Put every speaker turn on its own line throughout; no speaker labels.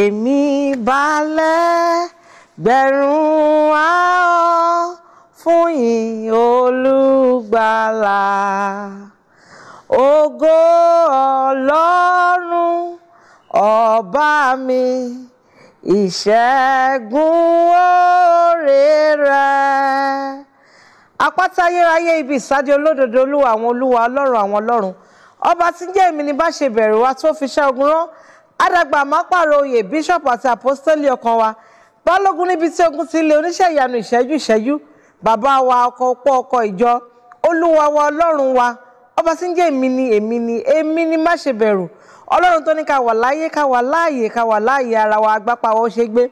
èmi balẹ̀ gbẹ̀rún àọ́ fún yìn olùgbàlà ògo ọlọ́run ọba mi ìṣẹ́gun oore rẹ̀. àpáta ayérayé ibi ìsádi olódodo olúwa àwọn olúwa ọlọ́run àwọn ọlọ́run ọba tí ń jẹ́ èmi ni bá ṣe bẹ̀rù wa tó fi ṣẹ́ ogun rán Adagba àmọ́pàrọ̀ oyè Bishop àti àpọ́sítélì ọkàn wa balógun níbi tí ogun ti lé oníṣẹ́ ìyanu ìṣẹ́jú ìṣẹ́jú bàbá wa ọkọ̀ ọ̀pọ̀ ọkọ̀ ìjọ olúwa wa ọlọ́run wa ọba tí ń jẹ́ èmi ni èmi ni èmi ni má ṣe bẹ̀rù ọlọ́run tó ní ká wà láyé ká wà láàyè ká wà láàyè ara wa agbápá wa ó ṣe gbé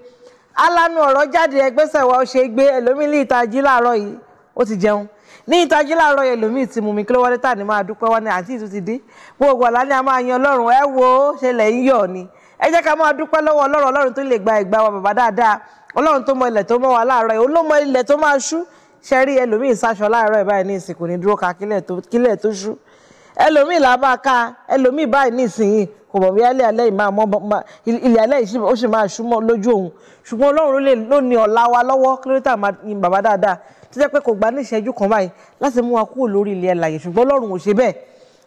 alanu ọ̀rọ̀ jáde ẹgbẹ́sẹ̀ wa ó ṣe gbé ẹlòmílì ìtají láàárọ̀ yìí ó ti jẹun ní ìtají láàárọ̀ ẹlòmíì ti mú mi kí ló wọlé tà ní máa dúpẹ́ wọn ni àǹtí ìtútù dé gbogbo àlá ni a máa yan ọlọ́run ẹ wo ṣe lẹ̀ ń yọ̀ ni ẹ jẹ́ ká máa dúpẹ́ lọ́wọ́ ọlọ́run ọlọ́run tó lè gba ìgbà wa bàbá dáadáa ọlọ́run tó mọ ilẹ̀ tó mọ́ wa láàárọ̀ ẹ̀ olómọ ilẹ̀ tó máa ṣú ṣe rí ẹlòmíì sáṣọ láàárọ̀ ẹ̀ báyìí ní ìsìnkú ní dúró ka kílẹ̀ tó ṣú ẹlòmíì làbá ka ẹlòmíì báyìí ní ìsìnyìí kò mọ̀ bí alẹ́ alẹ́ ìmáa mọ́ ilẹ̀ alẹ́ yìí ó sì máa ṣú mọ́ lójú òun tó jẹ́ pé kò gbà ní ìṣẹ́jú kan báyìí láti mú wa kúrò lórí ilẹ̀ alààyè ṣùgbọ́n Ọlọ́run ò ṣe bẹ́ẹ̀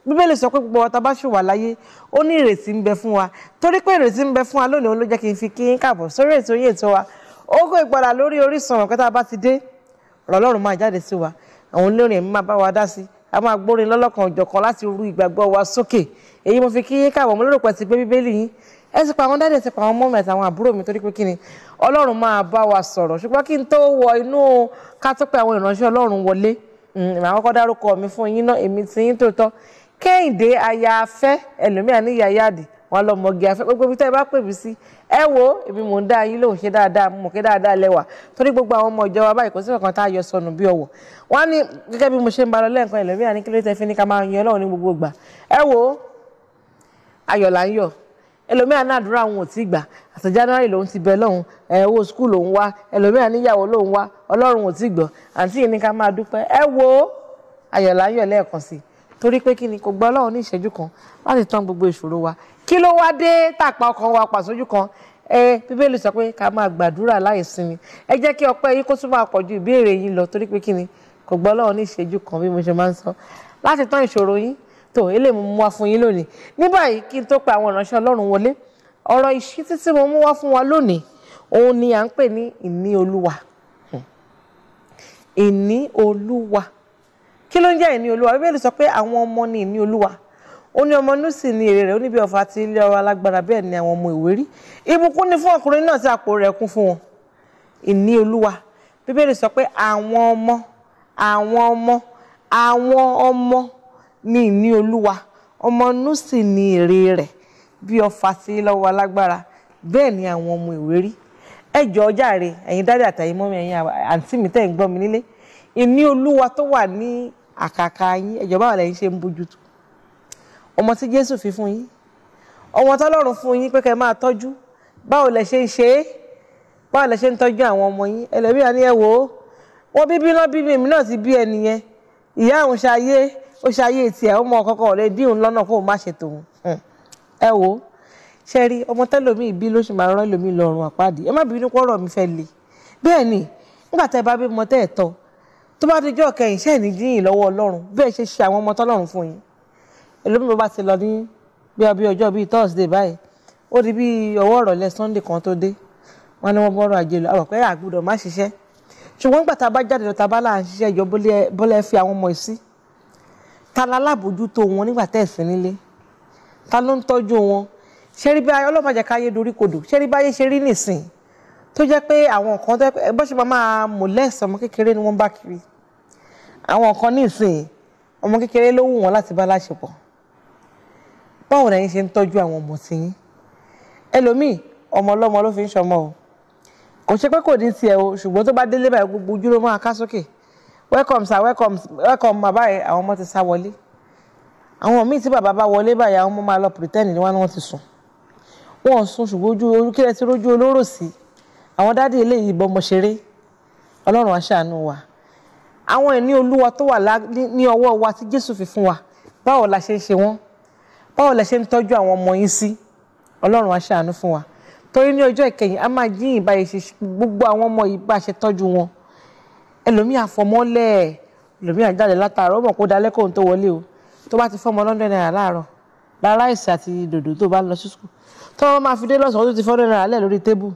bíbélì sọ pé gbogbo wa tá a bá ṣì wà láyé ó ní ìrètí ń bẹ fún wa torí pé ìrètí ń bẹ fún wa lónìí òun ló jẹ́ kí n fi kí n kàbọ̀ sórí ètò yìí ètò wa Ògo Ìgbàlà lórí Orísun ọ̀rọ̀ kẹta bá ti dé ọ̀rọ̀ Ọlọ́run máa jáde sí wa àwọn olórin ẹ̀mí máa bá wa dá sí a máa gbórin lọ́lọ́kan òjọ̀kan láti rú ìgbàgbọ́ wa sókè èyí mo fi kí n kàbọ̀ mo lérò pé bíbélì yín ẹ sì pa àwọn dáadé sì pa àwọn mọ́mí àti àwọn àbúrò mi torí pé kí ni ọlọ́run máa bá wa sọ̀rọ̀ ṣùgbọ́n kí n tó wọ inú ká tó pé àwọn ìránṣẹ́ ọlọ́run wọlé màá mm, kọ́kọ́ dárúkọ mi fún yín náà èmi ti yín tòótọ́ kẹ́hìndé aya afẹ́ ẹlòmíà ní yàyàdì wọn lọmọge afẹ́ gbogbo ibi tẹ́ ẹ bá pè mí sí ẹ wo èmi mò ń dá yín lóhùn ṣe dáadáa mò ń ké dáadáa lẹ́wà torí gbogbo àwọn ọmọ ìjọba báyìí kò sí kankan tá a yọ sọnù bí ọwọ́ wọn ní gẹ́gẹ́ bí mo ṣe ń ba lọ lẹ́ẹ̀kan ẹlòmíà ní kí ló tẹ́ fi ní ká máa yan Ọlọ́run ní gbogbo ìgbà ẹ wo ayọ̀ là ń yọ̀ ẹlòmíà náà àdúrà òun ò tí gbà àti january lòun ti bẹ lọ́hùn owó skul lòun wá ẹlòmíà níyàwó lòun wá ọlọ́run ò tí gbọ́ àǹtí yìí ní ká máa dúpẹ́ ẹ wo ayọ̀lá ayọ̀ lẹ́ẹ̀kan sí i torí pé kí ni kò gbọ́ ọlọ́run ní ìṣẹ́jú kan láti tán gbogbo ìṣòro wa kí ló wá dé tàpá ọkàn wa pàṣójú kan ẹ bíbélì sọ pé ká máa gbàdúrà láì sinmi ẹ jẹ́ kí ọpẹ́ yín kó tún pọ̀ ju ìbéèrè yín lọ torí pé kí ni kò gbọ́ ọlọ́run ní ìṣẹ́jú kan bí mo ṣe máa ń sọ láti tán ìṣòro yín tó eléyìí mo mú wá fún yín lónìí ní báyìí kí n tó pe àwọn ìránṣẹ́ Ọlọ́run wọlé ọ̀rọ̀ ìṣítí tí mo mú wá fún wa lónìí òun ni à ń pè ní ìní Olúwa ìní Olúwa kí ló ń jẹ́ ìní Olúwa Bíbélì sọ pé àwọn ọmọ ni ìní Olúwa ó ní ọmọ inú sì ni èrè rẹ̀ ó ní bí àti ilé ọrọ̀ alágbára bẹ́ẹ̀ ni àwọn ọmọ ìwérí ìbùkún ni fún ọkùnrin náà tí àpò rẹ̀ kún fún wọn ìní Olúwa Bíbélì sọ pé àwọn ọmọ àwọn ọmọ àwọn ọmọ mi ní olúwa ọmọnú sì ní èrè rẹ̀ bí ọfà sí lọ́wọ́ alágbára bẹ́ẹ̀ ni àwọn ọmọ ìwé rí ẹ jọ̀ọ́ jàre ẹ̀yin dáadáa àtàyè mọ́mí ẹ̀yin àǹtí mi tẹ̀ ń gbọ́ mi nílé ìní olúwa tó wà ní àkàkà yín ẹ jọ̀ọ́ báwo lẹ́yìn ṣe ń bójútó ọmọ tí jésù fi fún yín ọmọ tọ́lọ́run fún yín pé kẹ́ máa tọ́jú báwo lẹ ṣe ń ṣe é báwo lẹ ṣe ń tọ́jú àwọn ọmọ yín ẹlẹ́mìíràn ni ẹ wò ó wọ́n bíbí náà bíbí èmi náà ti bí ẹnìyẹn ìyá àwọn ṣayé ó ṣayé tiẹ̀ ó mọ kankan ọ̀rẹ́ díhùn lọ́nà kó o má ṣe tòun hmm. ẹ wò ó ṣe rí ọmọ tẹ́lòmíì bí ló ṣe máa rán ẹlòmíì lọ́rùn àpáàdé ẹ má bínú pọ́rọ̀ mi fẹ́ le bẹ́ẹ̀ ni nígbà tẹ́ bá bí ọmọ tẹ́ ẹ̀ tọ́ tó bá dijọ́ kẹyìn ṣe ní díyìn lọ́wọ́ ọlọ́run bẹ́ẹ̀ ṣe ṣe àwọn ọmọ tọ́lọ́run fún yín ẹlòmíì bá ti lọ ní bí ọbí ọjọ́ bíi thursday báyìí ó di bí ọwọ́ ìrọ̀lẹ́ sunday kan tó dé wọn ni wọ́n bọ́rọ̀ àjè lọ àwọn pẹ́ẹ́rẹ́ àgbùdọ̀ má ṣiṣẹ́ ṣùgbọ́n gbàtà bá jáde lọ tàbá ń ṣiṣẹ́ ìjọ bọ́lẹ́ fi àwọn ọmọ yìí sí ta la lábòjútó wọn nígbà tẹ́ ẹ̀ sí nílé ta ló ń tọ́jú wọn ṣẹ́rí bí ayé ọlọ́mọ àjẹká ayé dorí kodò ṣẹ́rí bí ayé ṣe rí nìsín tó jẹ́ pé àwọn nǹkan tó bọ́ ṣe máa mọ̀lẹ́sì ọmọ kékeré ni wọ́n bá kiri àwọn nǹkan nìsín ọmọ kékeré ló wù wọ́n láti bá láṣepọ̀ báwo lẹ́yìn ṣe ń tọ́jú àwọn ọmọ tí yín ẹlòmíì ọmọ ọlọ́mọ ló fi ń ṣọmọ o kò ṣe pé kò ní tiẹ̀ o ṣùgbọ́n tó bá délé báyìí gbogbo ojú ló máa ká sókè welcome sir welcome welcome Baba. yẹn àwọn ọmọ ti sá wọlé àwọn míì tí Baba bá wọlé báyìí àwọn ọmọ máa lọ pretend ni wọn ti sùn wọn sùn ṣùgbọ́n ojú orúkẹ́rẹ́ ti rójú olóró sí àwọn dádì eléyìí ìbọn mọ̀ṣeré ọlọ́run aṣàánú wa àwọn ẹ̀ní olúwa tó wà ní ọwọ́ wa tí jésù fi fún wa báwo la ṣe ń ṣe wọ́n báwo la ṣe ń tọ́jú àwọn ọmọ yín sí ọlọ́run aṣàánú fún wa torí ní ọjọ́ ìkẹyìn a máa jíyìn báyìí ṣe gbogbo àwọn ọmọ yìí bá ṣe tọ́jú wọn ẹlòmíì àfọmọ́lẹ̀ ẹlòmíì àjáde látàárọ̀ ó mọ̀ kó dalẹ́ kóun tó wọlé o tó bá ti fọmọ lọ́ndẹ̀ náírà láàárọ̀ lára ìsì àti dòdò tó bá lọ sí skul tó wọn máa fi dé lọ́sàn-án tó ti fọ́ndẹ̀ náírà lẹ̀ lórí tébù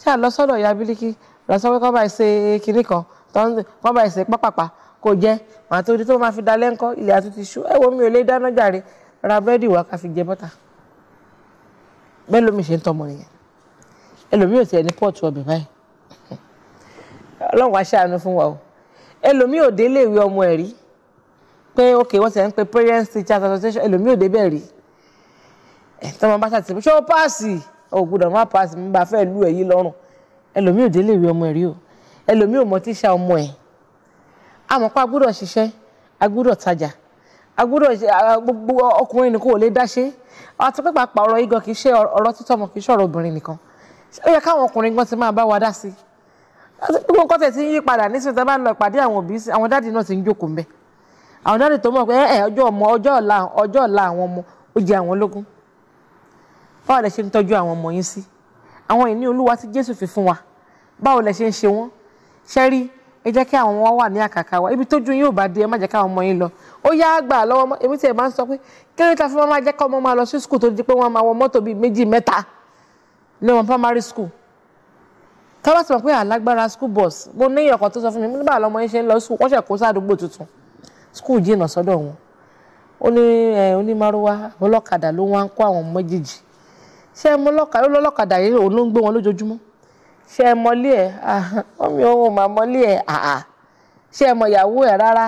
ṣé à lọ sọ́dọ̀ ìyá bílíkì lọ sọ pé kọ́ bá ẹ ṣe kinní kan kọ́ bá ẹ ṣe pápápá kò jẹ́ màá tó di tó máa fi dalẹ́ ńkọ́ ilẹ̀ àti ti ṣú ẹ wo mi ò lè dáná jàre ra búrẹ́dì wá ká fi jẹ bọ́tà bẹ́ẹ̀ lómi ṣe ń tọmọ nìyẹn ẹlòmíì ò tiẹ̀ ní pọ́ọ̀tù ọbẹ̀ báyìí ọlọ́run wá ṣàánú fún wa o ẹlòmíì ò dé iléèwé ọmọ ẹ̀ rí pé ok wọ́n ti ń pe parents teachers association ẹlòmíì ò dé bẹ́ẹ̀ rí ẹ̀ tọ́mọ bá ṣàtìmí ṣé ó páàsì ò gbọ́dọ̀ má páàsì mi bá fẹ́ lù ẹ̀ yìí lọ́rùn ẹlòmíì ò dé ọmọ ẹ̀ rí o ẹlòmíì ò mọ tíṣà ọmọ ẹ̀ àmọ́ pa gbọ́dọ̀ ṣiṣẹ́ agbọ́dọ̀ tajà agbọ́dọ̀ gbogbo ọkùnrin nìkan ò lè dá ṣe àti pé pàápàá ọ̀rọ̀ igan kì í ṣe ọ̀rọ̀ títọ́ kì í ṣe ọ̀rọ̀ obìnrin nìkan ó yẹ káwọn ọkùnrin gan ti máa bá wa dá sí i gbogbo nǹkan tẹ̀ ti ń yí padà nísìnyí tẹ́ bá lọ pàdé àwọn òbí àwọn dáàdì náà ti ń jókòó mbẹ́ àwọn dáàdì tó mọ̀ pé ẹ ọjọ́ ọmọ ọjọ́ ọ̀la ọjọ́ ọ̀la àwọn ọmọ ó jẹ àwọn lógún báwo lẹ ṣe ń tọ́jú àwọn ọmọ yín sí àwọn ìní olúwa tí Jésù fi fún wa báwo lẹ ṣe ń ṣe wọ́n ṣẹ́rí ẹ jẹ́ kí àwọn wọn wà ní àkàkà wa ibi tójú yín ò bá dé ẹ má jẹ́ káwọn ọmọ yín lọ ó yá àgbà lọ́wọ́ ọmọ èmi tí ẹ máa ń sọ pé kéré ta fún wọn máa jẹ́ kọ́ ọmọ máa lọ sí skul tó di pé wọ́n máa wọ mọ́tò bíi méjì mẹ́ta lọ́wọ́ primary school tá a bá ti mọ̀ pé alágbára school bus mo ní ọkàn tó sọ fún mi mo ní báà lọmọ yín ṣe ń lọ school wọ́n ṣẹ̀ kó sádùúgbò tuntun school jìnnà sọ́dọ̀ wọn ó ní ẹ onímọ̀rúwá ọlọ́kadà ló wá ń kó àwọn méjèèjì ṣé ẹ mọ ọlọ́kadà ọlọ́kadà yìí òun ló ń gbé wọn lójoojúmọ́ ṣé ẹ mọlé ẹ ah, ọmọ òun mà mọlé ẹ àà ah, ah. ṣé ẹ mọ ìyàwó ẹ rárá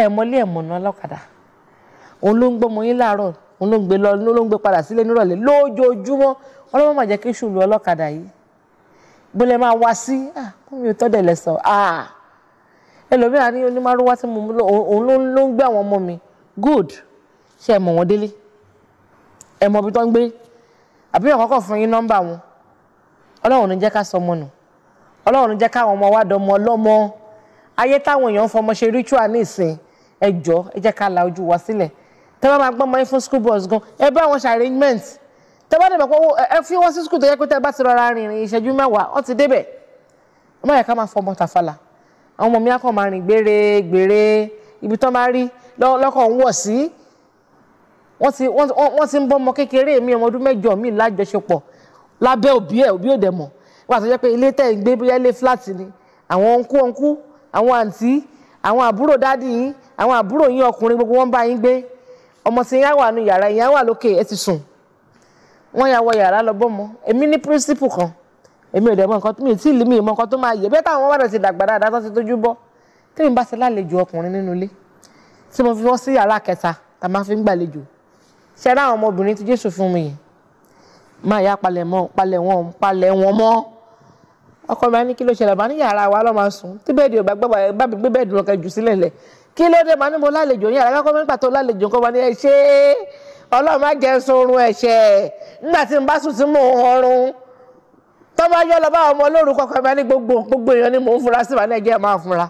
ẹ mọlé ẹ mọ̀nà ọlọ́kadà òun ló ń gbọ́ ọmọ yín láàárọ̀ òun ló ń gbé padà sílé nírọ̀lẹ́ lójoojúmọ́ ọlọ́mọ má jẹ́ kí ṣùlù ọlọ́kadà yìí bólẹ̀ máa wá sí kó ah, mi ò tọ́ dẹ̀ lẹ́sọ̀ ah, ẹlòmíràn ní onímọ̀rúwá tí mo mú òun ló ń gbé àwọn ọmọ mi good ṣe ẹ mọ̀ wọ́n délé ẹ mọ̀ ibi tó ń gbé àbí ọ̀kọ́kọ̀ fún yín nọ́mbà wọn ọlọ́run ní jẹ́ ká sọ ọmọ nù ọlọ́run ní jẹ́ káwọn ọmọ wa dọmọ ọlọ́mọ ayé táwọn èèyàn ń fọmọ ṣe ritual ní ìsìn ẹ ẹ jẹ́ ká la ojú wa sílẹ̀ tẹ́ máa gbọ́n mọ́ yín fún school bus gan ẹ bá wọn ṣe arrangement tẹ́wọ́ dẹ̀ bàpọ̀ ẹ fi wọ́n sí skul tó yẹ pé tẹ́ bá ti rọra rìnrìn ìṣẹ́jú mẹ́wàá ọ ti débẹ̀ ẹ má yẹ ká máa fọmọ tàfàlà àwọn ọmọ mi akọ máa rìn gbére gbére ibi tán máa rí lọ́kọ̀ ń wọ̀ sí wọ́n ti ń bọ́ ọmọ kékeré mi ọmọ ọdún mẹ́jọ mi lájọṣepọ̀ lábẹ́ òbí ẹ̀ òbí òdẹ̀ mọ̀ wọ́n àtọ́jọ́ pé ilé tẹ̀ ń gbé bóyá ilé fúláàtì ni àwọn ọ̀nkú ọ̀nkú àwọn àǹtí àwọn àbúrò dádì yín àwọn àbúrò yín ọkùnrin gbogbo wọn bá yín gbé ọmọ tí yín á wà nù yàrá yín á wà lókè ẹ ti sùn wọ́n ya wọ yàrá lọ bọ́mọ èmi ní pírísìpù kan èmi ò dẹ̀ mọ nǹkan mi ì tí ì lé mi ìmọ̀ nǹkan tó máa yẹ bẹ́ẹ̀ táwọn wàdà ti dàgbà dáadáa tó ti tójú bọ́ tèmi bá ti lálejò ọkùnrin nínú ilé tí mo fi wọ́n sí yàrá kẹta tá a máa fi ń gbàlejò ṣe ra àwọn ọmọbìnrin tí Jésù fún mi yìí máa yá palẹ̀ mọ́ palẹ̀ wọn palẹ̀ wọn mọ́ ọkọ mi ní kí ló ṣẹlẹ̀ bá ní yàrá wa lọ́ máa sùn tí bẹ́ẹ̀dì ò bá gbọ́ bá mi gbé bẹ́ẹ̀dì lọ́kẹ́ jù sílẹ̀ lẹ̀ kí ló dé máa ní mo lálejò ní yàrá kákọ́ mẹ́pà tó lálejò kọ́ máa ní ẹ ṣe é ọlọ́run má jẹ́ sorun ẹ̀ṣẹ̀ nígbà tí n bá sùn tí mò ń ọrùn tó bá yọ lọ bá ọmọ olórúkọ kan bá ní gbogbo gbogbo èèyàn ni mò ń fura sí ìbànú ẹ̀jẹ̀ máa fura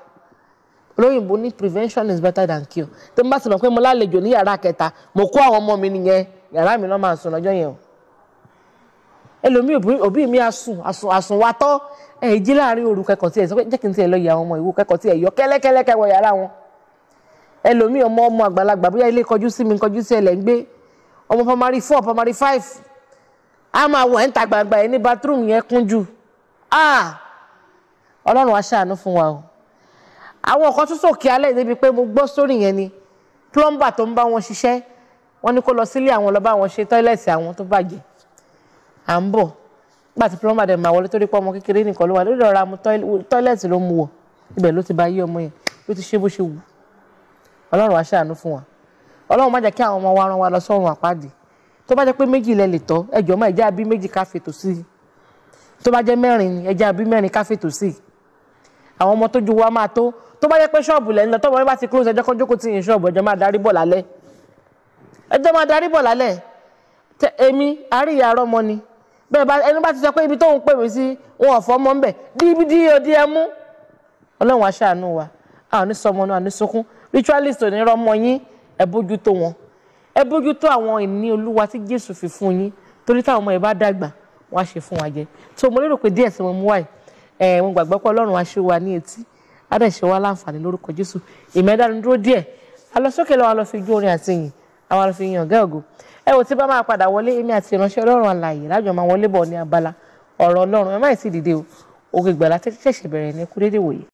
olóyìnbó ní prevention is better than cure tó ń bá ti mọ̀ pé mo lálejò ní yàrá kẹta mo kó àwọn ọmọ mi nìyẹn yàrá mi náà máa sùn lọ́jọ́ yẹn o ẹlòmíì òbí mi àsùn àsùn àsùn wa tọ́ ẹ̀ jí láàrin òru kẹkọ̀ọ́ tiẹ̀ sọ pé jẹ́ kí n tiẹ̀ lọ yẹ àwọn ọmọ ìwú kẹkọ̀ọ́ tiẹ̀ yọ kẹ́lẹ́kẹ́lẹ́kẹ́ wọ yàrá wọn ẹlòmíì ọmọ ọmọ àgbàlagbà bóyá ilé kọjú sí mi kọjú sí ẹlẹ́ ń gbé ọmọ primary four primary five a máa wọ̀ ẹ́ ń ta gbangba ẹ̀ ní bathroom yẹn kúnjú ọlọ́run á ṣàánú fún wa o àwọn nǹkan tún sòkè alẹ́ débi pé mo gbọ́ sórí yẹn ni plumber tó ń bá wọn ṣiṣẹ́ wọ́n ní kó lọ sílé àwọn lọ bá wọn ṣe tọ́ílẹ̀tì àwọn tó bàjẹ́ à ń bọ̀ nígbà tí plumber dẹ̀ máa wọlé torí pé ọmọ kékeré nìkan ló wà lórí ọ̀rá mu tọ́ílẹ̀tì ló mu wọ̀ ibẹ̀ ló ti bá yí ọmọ yẹn ló ti ṣe bó ṣe wù ọlọ́run á ṣàánú fún wa ọlọ́run má jẹ́ kí àwọn ọmọ wa rán wa lọ sọ́run àpáàdì tó bá jẹ́ pé méjì lẹ lè tọ́ ẹjọ́ mọ́ ẹ̀já bí méjì ká fètò sí i tó bá jẹ́ mẹ́rin ẹ̀já bí mẹ́rin ká fètò sí i àwọn ọmọ tó ju wa máa tó tó bá jẹ́ pé ṣọ́ọ̀bù lẹ́nu lọ tọ́mọ yín bá ti close ẹjọ́ kan jókòó tì yín ṣọ́ọ̀bù ẹjọ́ máa darí bọ̀ lálẹ́ ẹjọ́ máa darí bọ̀ lálẹ́ èmi àríyá arọ́mọ ni bẹ́ẹ̀ bá ẹni bá ti sọ pé ibi tóun pè mí sí wọn ò fọ́ mọ́ ńbẹ̀ díbídí odi ẹ mú ọlọ́run aṣáánú wa a ò ní sọmọ ritualist ò ní rọmọ yín ẹ bójútó wọn ẹ bójútó àwọn ìní olúwa tí jésù fi fún yín torí táwọn ọmọ ẹ bá dàgbà wọn á ṣe fún wa jẹ tó mo lérò pé díẹ̀ tí mo mú wáyé ẹ mo gbàgbọ́ pé ọlọ́run á ṣe wa ní etí á dẹ̀ ṣe wa láǹfààní lórúkọ jésù ìmẹ́dánu dúró díẹ̀ a lọ́wọ́ a fi jó orin àtìyìn àwọn lọ fi yan ọ̀gá ògo ẹ wò tí bá máa padà wọlé èmi àti ìránṣẹ́ ọlọ́run alààyè lájọ máa wọlé bọ̀ ní abala ọ̀rọ̀ ọlọ́run ẹ má ì sì dìde o